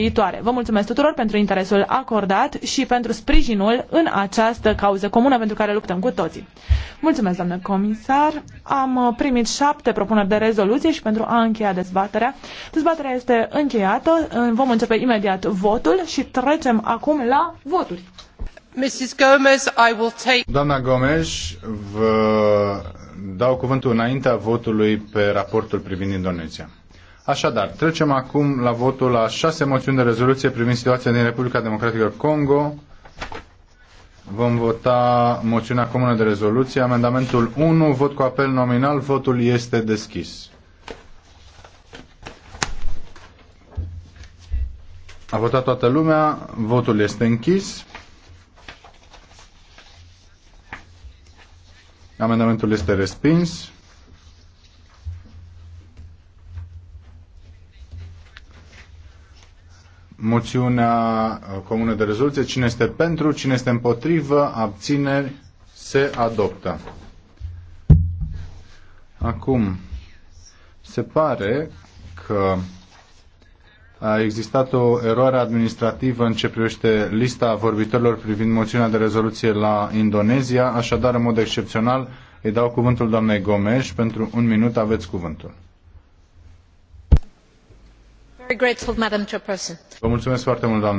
viitoare. Vă mulțumesc tuturor pentru interesul acordat și pentru sprijinul în această cauză comună pentru care luptăm cu toții. Mulțumesc, doamnă comisar. Am primit șapte propuneri de rezoluție și pentru a încheia dezbaterea. Dezbaterea este încheiată. Vom începe imediat votul și trecem acum la voturi. Mrs. Gomez, I will take... Doamna Gomes, vă dau cuvântul înaintea votului pe raportul privind Indonezia. Așadar, trecem acum la votul la șase moțiuni de rezoluție privind situația din Republica Democratică Congo. Vom vota moțiunea comună de rezoluție. Amendamentul 1, vot cu apel nominal, votul este deschis. A votat toată lumea, votul este închis. Amendamentul este respins. moțiunea uh, comună de rezoluție. Cine este pentru, cine este împotrivă, abțineri, se adoptă. Acum, se pare că a existat o eroare administrativă în ce privește lista vorbitorilor privind moțiunea de rezoluție la Indonezia, așadar, în mod excepțional, îi dau cuvântul doamnei Gomes pentru un minut aveți cuvântul mulțumesc foarte mult, uh,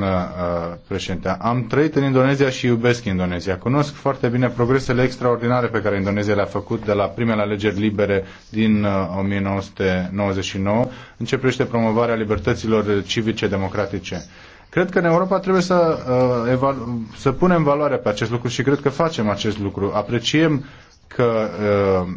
președinte. Am trăit în Indonezia și iubesc Indonezia. Cunosc foarte bine progresele extraordinare pe care Indonezia le-a făcut de la primele alegeri libere din 1999 în ce promovarea libertăților civice democratice. Cred că în Europa trebuie să, uh, să punem valoare pe acest lucru și cred că facem acest lucru. Apreciem că uh,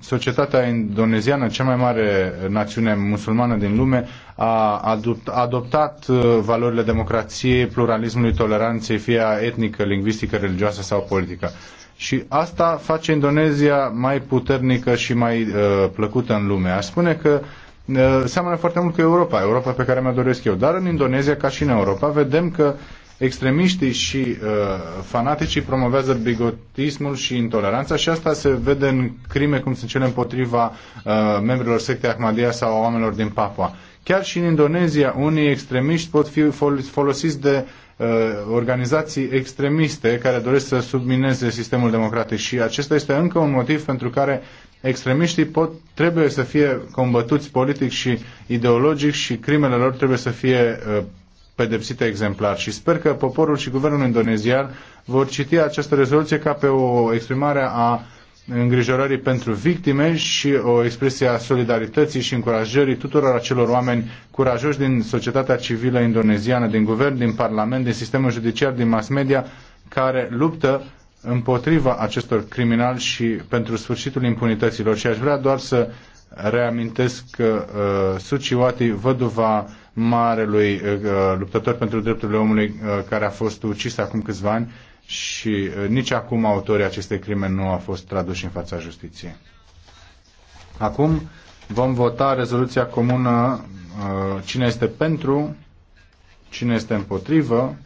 societatea indoneziană, cea mai mare națiune musulmană din lume, a adopt, adoptat uh, valorile democrației, pluralismului, toleranței, fie etnică, lingvistică, religioasă sau politică. Și asta face Indonezia mai puternică și mai uh, plăcută în lume. Aș spune că uh, seamănă foarte mult cu Europa, Europa pe care mi-o doresc eu. Dar în Indonezia, ca și în Europa, vedem că extremiștii și uh, fanaticii promovează bigotismul și intoleranța și asta se vede în crime cum sunt cele împotriva uh, membrilor sectei Ahmadiyya sau oamenilor din Papua. Chiar și în Indonezia, unii extremiști pot fi folosiți de uh, organizații extremiste care doresc să submineze sistemul democratic și acesta este încă un motiv pentru care extremiștii pot, trebuie să fie combătuți politic și ideologic și crimele lor trebuie să fie uh, pedepsite exemplar și sper că poporul și guvernul indonezian vor citi această rezoluție ca pe o exprimare a îngrijorării pentru victime și o expresie a solidarității și încurajării tuturor acelor oameni curajoși din societatea civilă indoneziană, din guvern, din parlament, din sistemul judiciar, din mass media, care luptă împotriva acestor criminali și pentru sfârșitul impunităților. Și aș vrea doar să reamintesc că uh, Suciwati, văduva marelui uh, uh, luptător pentru drepturile omului uh, care a fost ucis acum câțiva ani și uh, nici acum autorii acestei crime nu au fost traduși în fața justiției. Acum vom vota rezoluția comună uh, cine este pentru, cine este împotrivă,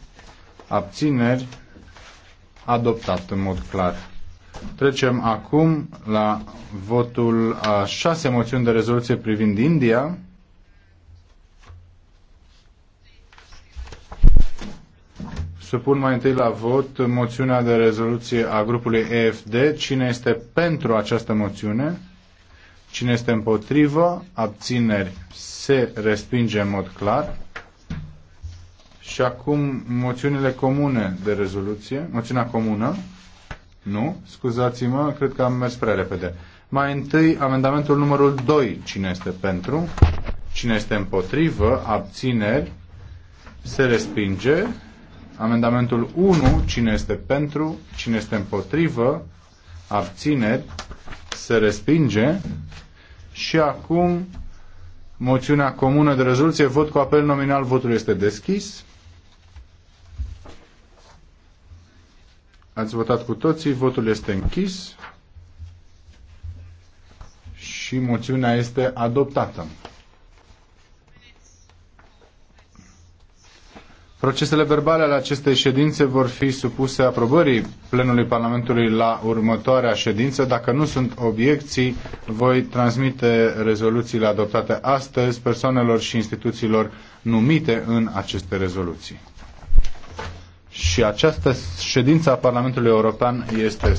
abțineri, adoptat în mod clar. Trecem acum la votul a șase moțiuni de rezoluție privind India. Supun mai întâi la vot moțiunea de rezoluție a grupului EFD. Cine este pentru această moțiune? Cine este împotrivă? Abțineri se respinge în mod clar. Și acum moțiunile comune de rezoluție. Moțiunea comună. Nu, scuzați-mă, cred că am mers prea repede. Mai întâi, amendamentul numărul 2. Cine este pentru? Cine este împotrivă? Abțineri? Se respinge. Amendamentul 1, cine este pentru, cine este împotrivă, abțineri, se respinge. Și acum, moțiunea comună de rezoluție, vot cu apel nominal, votul este deschis. Ați votat cu toții, votul este închis și moțiunea este adoptată. Procesele verbale ale acestei ședințe vor fi supuse aprobării plenului Parlamentului la următoarea ședință. Dacă nu sunt obiecții, voi transmite rezoluțiile adoptate astăzi persoanelor și instituțiilor numite în aceste rezoluții. Și această ședință a Parlamentului European este